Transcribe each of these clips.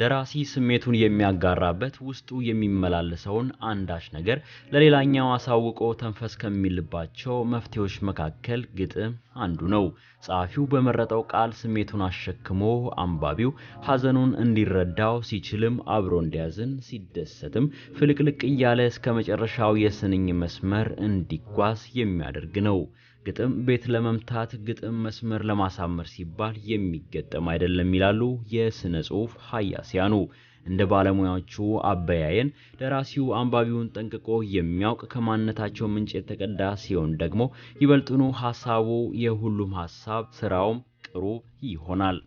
ደራሲ ስሜቱን የሚያጋራበት ውስጡ የሚመላለሰውን አንዳች ነገር ለሌላኛው አሳውቆ ተንፈስ ከሚልባቸው መፍትሄዎች መካከል ግጥም አንዱ ነው። ጸሐፊው በመረጠው ቃል ስሜቱን አሸክሞ አንባቢው ሐዘኑን እንዲረዳው ሲችልም አብሮ እንዲያዝን፣ ሲደሰትም ፍልቅልቅ እያለ እስከ መጨረሻው የስንኝ መስመር እንዲጓዝ የሚያደርግ ነው። ግጥም ቤት ለመምታት ግጥም መስመር ለማሳመር ሲባል የሚገጠም አይደለም ይላሉ የሥነ ጽሑፍ ሀያሲያኑ እንደ ባለሙያዎቹ አበያየን ደራሲው አንባቢውን ጠንቅቆ የሚያውቅ ከማንነታቸው ምንጭ የተቀዳ ሲሆን ደግሞ ይበልጥኑ ሀሳቡ የሁሉም ሀሳብ ስራውም ቅሩብ ይሆናል።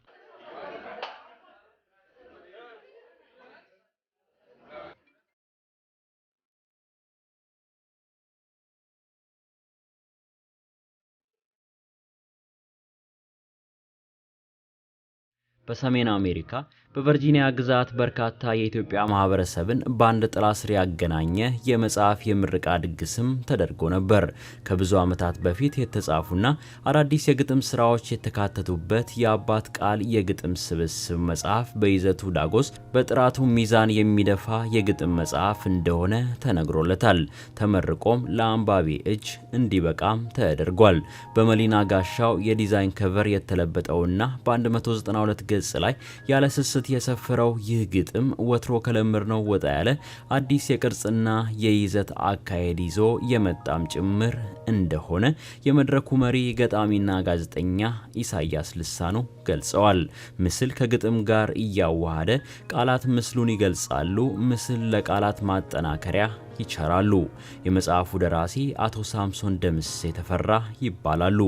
በሰሜን አሜሪካ በቨርጂኒያ ግዛት በርካታ የኢትዮጵያ ማህበረሰብን በአንድ ጥላ ስር ያገናኘ የመጽሐፍ የምርቃ ድግስም ተደርጎ ነበር። ከብዙ ዓመታት በፊት የተጻፉና አዳዲስ የግጥም ስራዎች የተካተቱበት የአባት ቃል የግጥም ስብስብ መጽሐፍ በይዘቱ ዳጎስ፣ በጥራቱ ሚዛን የሚደፋ የግጥም መጽሐፍ እንደሆነ ተነግሮለታል። ተመርቆም ለአንባቢ እጅ እንዲበቃም ተደርጓል። በመሊና ጋሻው የዲዛይን ከቨር የተለበጠውና በ192 ገጽ ላይ ያለስስ ስት የሰፈረው ይህ ግጥም ወትሮ ከለመድነው ወጣ ያለ አዲስ የቅርጽና የይዘት አካሄድ ይዞ የመጣም ጭምር እንደሆነ የመድረኩ መሪ ገጣሚና ጋዜጠኛ ኢሳያስ ልሳኑ ገልጸዋል። ምስል ከግጥም ጋር እያዋሃደ ቃላት ምስሉን ይገልጻሉ። ምስል ለቃላት ማጠናከሪያ ይቸራሉ። የመጽሐፉ ደራሲ አቶ ሳምሶን ደምስ የተፈራ ይባላሉ።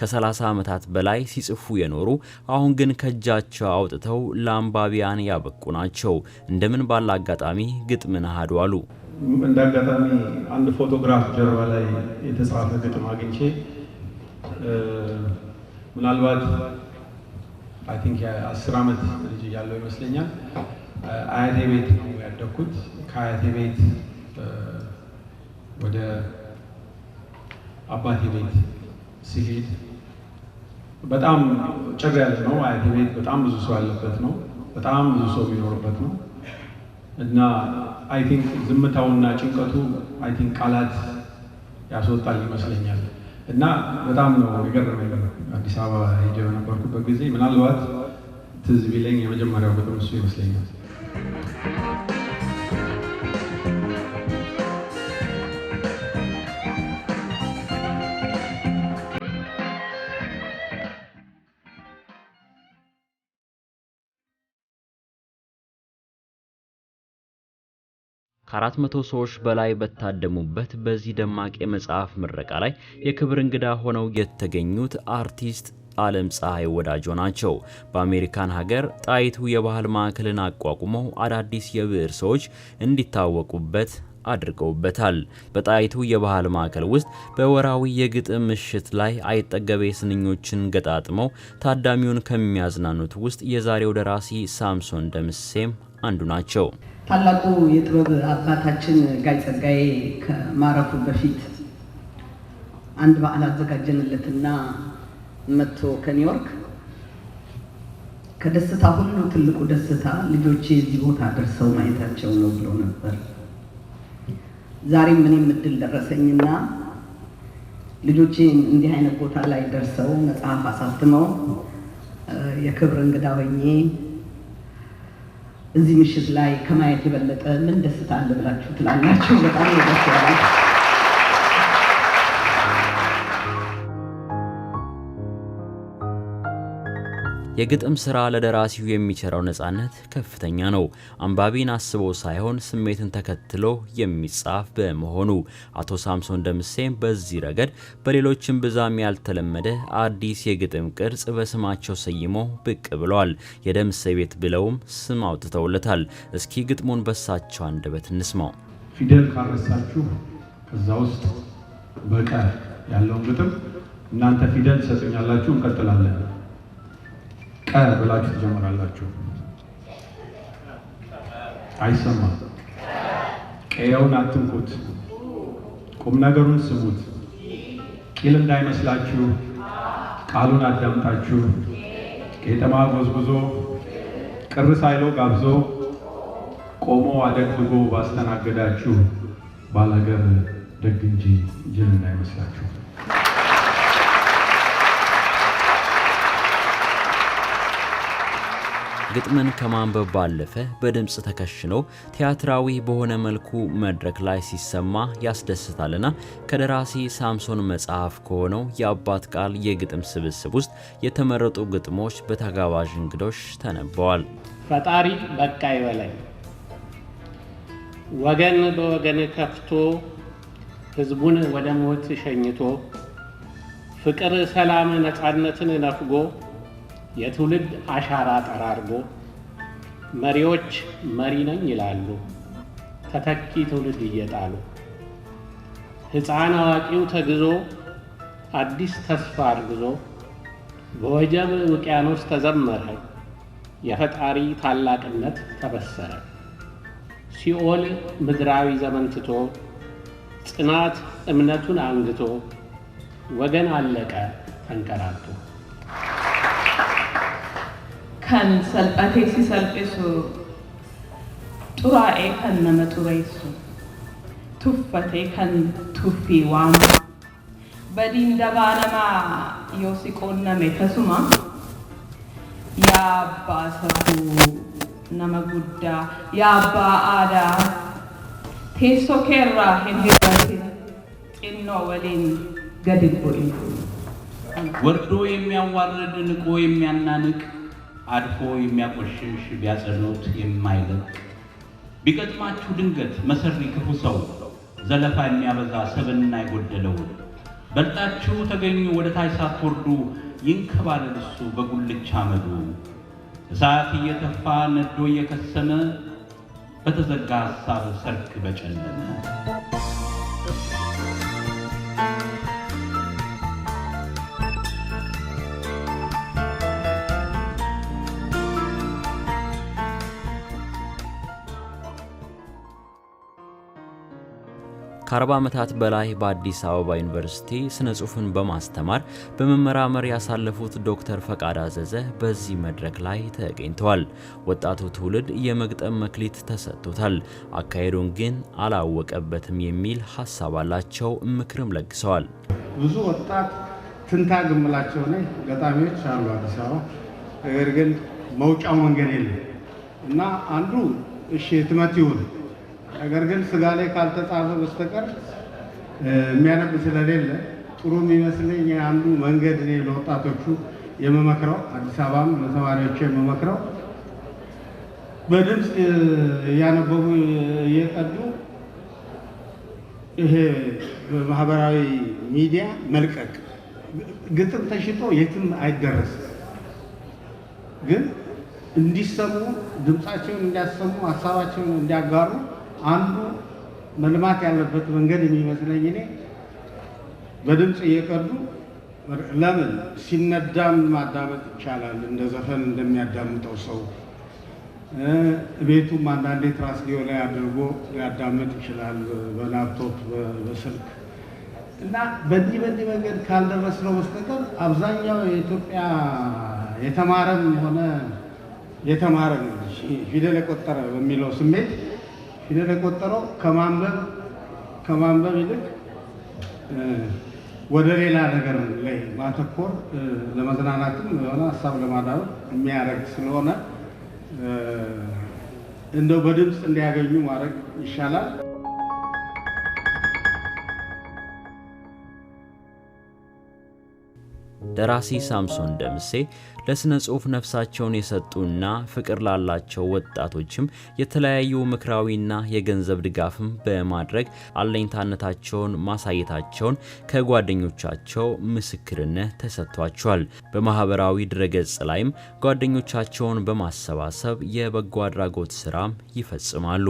ከ30 ዓመታት በላይ ሲጽፉ የኖሩ አሁን ግን ከእጃቸው አውጥተው ለአንባቢያን ያበቁ ናቸው። እንደምን ባለ አጋጣሚ ግጥምን አሃዱ አሉ። እንደ አጋጣሚ አንድ ፎቶግራፍ ጀርባ ላይ የተጻፈ ግጥም አግኝቼ ምናልባት አይ ቲንክ ዓመት ልጅ እያለሁ ይመስለኛል አያቴ ቤት ነው ያደግኩት። ከአያቴ ቤት አባቴ ቤት ሲሄድ በጣም ጭር ያለ ነው። አያቴ ቤት በጣም ብዙ ሰው ያለበት ነው። በጣም ብዙ ሰው የሚኖርበት ነው እና አይ ቲንክ ዝምታውና ጭንቀቱ አይ ቲንክ ቃላት ያስወጣል ይመስለኛል። እና በጣም ነው የገረመኝ። አዲስ አበባ ሄጄ በነበርኩበት ጊዜ ምናልባት ትዝ ቢለኝ የመጀመሪያው ቁጥር እሱ ይመስለኛል። ከአራት መቶ ሰዎች በላይ በታደሙበት በዚህ ደማቅ የመጽሐፍ ምረቃ ላይ የክብር እንግዳ ሆነው የተገኙት አርቲስት አለም ፀሐይ ወዳጆ ናቸው። በአሜሪካን ሀገር ጣይቱ የባህል ማዕከልን አቋቁመው አዳዲስ የብዕር ሰዎች እንዲታወቁበት አድርገውበታል። በጣይቱ የባህል ማዕከል ውስጥ በወራዊ የግጥም ምሽት ላይ አይጠገቤ ስንኞችን ገጣጥመው ታዳሚውን ከሚያዝናኑት ውስጥ የዛሬው ደራሲ ሳምሶን ደምሴም አንዱ ናቸው። ታላቁ የጥበብ አባታችን ጋይ ጸጋዬ ከማረፉ በፊት አንድ በዓል አዘጋጀንለትና መጥቶ ከኒውዮርክ ከደስታ ሁሉ ትልቁ ደስታ ልጆቼ እዚህ ቦታ ደርሰው ማየታቸው ነው ብሎ ነበር። ዛሬም እኔም እድል ደረሰኝና ልጆቼ እንዲህ አይነት ቦታ ላይ ደርሰው መጽሐፍ አሳትመው የክብር እንግዳ ሆኜ እዚህ ምሽት ላይ ከማየት የበለጠ ምን ደስታ አለ ብላችሁ ትላላችሁ? በጣም ደስ ያላል። የግጥም ስራ ለደራሲው የሚቸረው ነጻነት ከፍተኛ ነው። አንባቢን አስቦ ሳይሆን ስሜትን ተከትሎ የሚጻፍ በመሆኑ አቶ ሳምሶን ደምሴም በዚህ ረገድ በሌሎችም ብዛም ያልተለመደ አዲስ የግጥም ቅርጽ በስማቸው ሰይሞ ብቅ ብለዋል። የደምሴ ቤት ብለውም ስም አውጥተውለታል። እስኪ ግጥሙን በሳቸው አንደበት እንስማው። ፊደል ካረሳችሁ ከዛ ውስጥ በቀር ያለውን ግጥም እናንተ ፊደል ትሰጡኛላችሁ፣ እንቀጥላለን ቀ ብላችሁ ትጀምራላችሁ። አይሰማም። ቀየውን አትንኩት፣ ቁም ነገሩን ስሙት። ቂል እንዳይመስላችሁ ቃሉን አዳምጣችሁ ቄጠማ ጎዝጉዞ ቅር ሳይሎ ጋብዞ ቆሞ አደግድጎ ባስተናገዳችሁ ባላገር ደግ እንጂ ጅል እንዳይመስላችሁ። ግጥምን ከማንበብ ባለፈ በድምፅ ተከሽኖ ቲያትራዊ በሆነ መልኩ መድረክ ላይ ሲሰማ ያስደስታልና ከደራሲ ሳምሶን መጽሐፍ ከሆነው የአባት ቃል የግጥም ስብስብ ውስጥ የተመረጡ ግጥሞች በተጋባዥ እንግዶች ተነበዋል። ፈጣሪ በቃ ይበለኝ ወገን በወገን ከፍቶ ህዝቡን ወደ ሞት ሸኝቶ ፍቅር፣ ሰላም፣ ነፃነትን ነፍጎ የትውልድ አሻራ ጠራርጎ መሪዎች መሪ ነኝ ይላሉ፣ ተተኪ ትውልድ እየጣሉ ሕፃን አዋቂው ተግዞ አዲስ ተስፋ አርግዞ በወጀብ ውቅያኖስ ተዘመረ፣ የፈጣሪ ታላቅነት ተበሰረ። ሲኦል ምድራዊ ዘመን ትቶ ጽናት እምነቱን አንግቶ ወገን አለቀ ተንከራቶ kan salphateessi salphisu xuraa'ee kan nama xureessu tuffatee kan tuffii waamu badiin dabaa namaa yoo si qoonname tasuma yaa abbaa sabuu nama guddaa yaa abbaa aadaa teessoo keerraa hin hirratin xinnoo waliin gadi bu'in ወርዶ የሚያዋርድ ንቆ የሚያናንቅ አድፎ የሚያቆሽሽ ቢያጸኑት የማይለቅ ቢገጥማችሁ ድንገት መሰሪ ክፉ ሰው ዘለፋ የሚያበዛ ሰብና የጎደለው በልጣችሁ ተገኙ ወደ ታች ሳትወርዱ ይንከባለል እሱ በጉልቻ አመዱ እሳት እየተፋ ነዶ እየከሰመ በተዘጋ ሀሳብ ሰርክ በጨለመ ከ40 ዓመታት በላይ በአዲስ አበባ ዩኒቨርሲቲ ስነ ጽሑፍን በማስተማር በመመራመር ያሳለፉት ዶክተር ፈቃድ አዘዘ በዚህ መድረክ ላይ ተገኝተዋል። ወጣቱ ትውልድ የመግጠም መክሊት ተሰጥቶታል፣ አካሄዱን ግን አላወቀበትም የሚል ሀሳብ አላቸው። ምክርም ለግሰዋል። ብዙ ወጣት ትንታ ግምላቸው እኔ ገጣሚዎች አሉ አዲስ አበባ፣ ነገር ግን መውጫው መንገድ የለም እና አንዱ እሺ ህትመት ይሁን ነገር ግን ስጋ ላይ ካልተጻፈ በስተቀር የሚያነብ ስለሌለ ጥሩ የሚመስለኝ አንዱ መንገድ እኔ ለወጣቶቹ የመመክረው አዲስ አበባም ለተማሪዎቹ የመመክረው በድምፅ እያነበቡ እየቀዱ ይሄ በማህበራዊ ሚዲያ መልቀቅ ግጥም ተሽጦ የትም አይደረስም። ግን እንዲሰሙ ድምፃቸውን እንዲያሰሙ ሀሳባቸውን እንዲያጋሩ አንዱ መልማት ያለበት መንገድ የሚመስለኝ እኔ በድምፅ እየቀዱ ለምን ሲነዳም ማዳመጥ ይቻላል፣ እንደ ዘፈን እንደሚያዳምጠው ሰው ቤቱም አንዳንዴ ትራስጌው ላይ አድርጎ ሊያዳምጥ ይችላል፣ በላፕቶፕ በስልክ እና በዚህ በዚህ መንገድ ካልደረስነው በስተቀር አብዛኛው የኢትዮጵያ የተማረም ሆነ የተማረ ፊደል የቆጠረ በሚለው ስሜት የቆጠረው ከማንበብ ከማንበብ ይልቅ ወደ ሌላ ነገር ላይ ማተኮር ለመዝናናትም የሆነ ሀሳብ ለማዳበር የሚያደርግ ስለሆነ እንደው በድምፅ እንዲያገኙ ማድረግ ይሻላል። ደራሲ ሳምሶን ደምሴ ለሥነ ጽሑፍ ነፍሳቸውን የሰጡና ፍቅር ላላቸው ወጣቶችም የተለያዩ ምክራዊና የገንዘብ ድጋፍም በማድረግ አለኝታነታቸውን ማሳየታቸውን ከጓደኞቻቸው ምስክርነት ተሰጥቷቸዋል። በማኅበራዊ ድረገጽ ላይም ጓደኞቻቸውን በማሰባሰብ የበጎ አድራጎት ሥራም ይፈጽማሉ።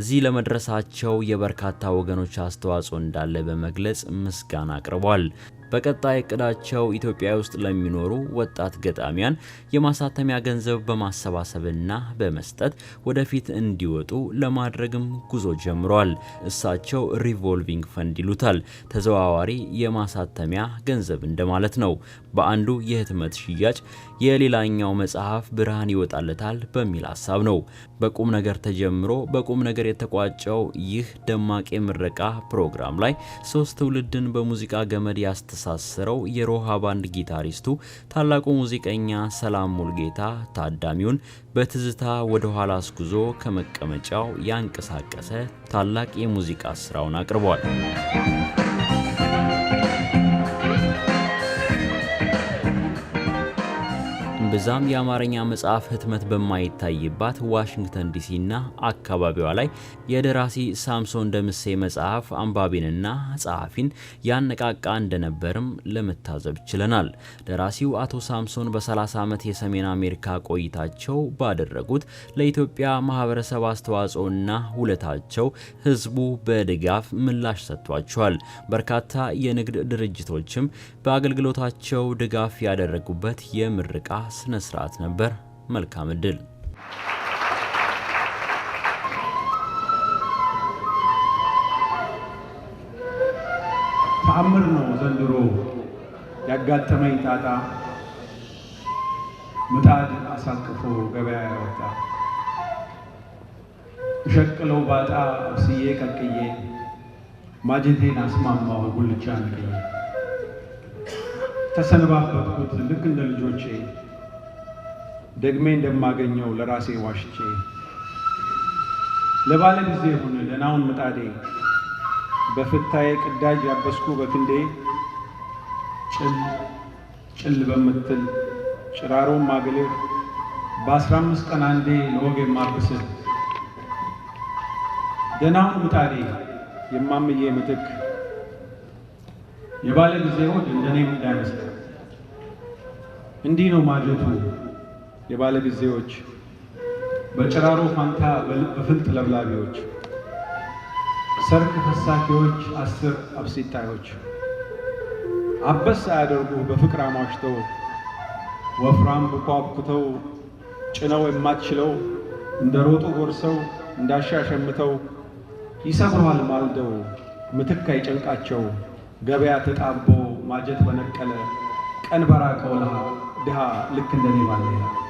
እዚህ ለመድረሳቸው የበርካታ ወገኖች አስተዋጽኦ እንዳለ በመግለጽ ምስጋና አቅርቧል። በቀጣይ እቅዳቸው ኢትዮጵያ ውስጥ ለሚኖሩ ወጣት ገጣሚያን የማሳተሚያ ገንዘብ በማሰባሰብና በመስጠት ወደፊት እንዲወጡ ለማድረግም ጉዞ ጀምረዋል። እሳቸው ሪቮልቪንግ ፈንድ ይሉታል። ተዘዋዋሪ የማሳተሚያ ገንዘብ እንደማለት ነው። በአንዱ የህትመት ሽያጭ የሌላኛው መጽሐፍ ብርሃን ይወጣለታል በሚል ሀሳብ ነው። በቁም ነገር ተጀምሮ በቁም ነገር የተቋጨው ይህ ደማቅ የምረቃ ፕሮግራም ላይ ሶስት ትውልድን በሙዚቃ ገመድ ያስተ የሚያሳስረው የሮሃ ባንድ ጊታሪስቱ ታላቁ ሙዚቀኛ ሰላም ሙልጌታ ታዳሚውን በትዝታ ወደ ኋላ አስጉዞ ከመቀመጫው ያንቀሳቀሰ ታላቅ የሙዚቃ ስራውን አቅርቧል። እምብዛም የአማርኛ መጽሐፍ ህትመት በማይታይባት ዋሽንግተን ዲሲና አካባቢዋ ላይ የደራሲ ሳምሶን ደምሴ መጽሐፍ አንባቢንና ጸሐፊን ያነቃቃ እንደነበርም ለመታዘብ ችለናል። ደራሲው አቶ ሳምሶን በ30 ዓመት የሰሜን አሜሪካ ቆይታቸው ባደረጉት ለኢትዮጵያ ማህበረሰብ አስተዋጽኦና ውለታቸው ህዝቡ በድጋፍ ምላሽ ሰጥቷቸዋል። በርካታ የንግድ ድርጅቶችም በአገልግሎታቸው ድጋፍ ያደረጉበት የምርቃ ስነ ስርዓት ነበር። መልካም እድል። ተአምር ነው ዘንድሮ ያጋጠመኝ ጣጣ፣ ምጣድ አሳቅፎ ገበያ ያወጣ እሸቅለው ባጣ ስዬ ቀቅዬ ማጀቴን አስማማው ጉልቻ ንቅዬ ተሰነባበትኩት ልክ እንደ ልጆቼ ደግሜ እንደማገኘው ለራሴ ዋሽቼ ለባለ ጊዜ ሆነ ለናውን ምጣዴ በፍታዬ ቅዳጅ ያበስኩ በክንዴ ጭል ጭል በምትል ጭራሮም ማግልህ በአስራ አምስት ቀን አንዴ ለወግ የማብስል ደናውን ምጣዴ የማምዬ ምትክ የባለ ጊዜ ሆድ እንደኔ እንዳይመስል እንዲህ ነው ማጀቱ የባለጊዜዎች በጭራሮ ፋንታ በፍልጥ ለብላቢዎች ሰርክ ፈሳኪዎች አስር አብሲታዮች አበስ አያደርጉ በፍቅር አሟሽተው ወፍራም ብኳብኩተው ጭነው የማትችለው እንደ ሮጡ ጎርሰው እንዳሻ ሸምተው ይሰብረዋል ማልደው ምትክ አይጨንቃቸው ገበያ ተጣቦ ማጀት በነቀለ ቀን በራቀው ድሃ ልክ እንደኔ ባለ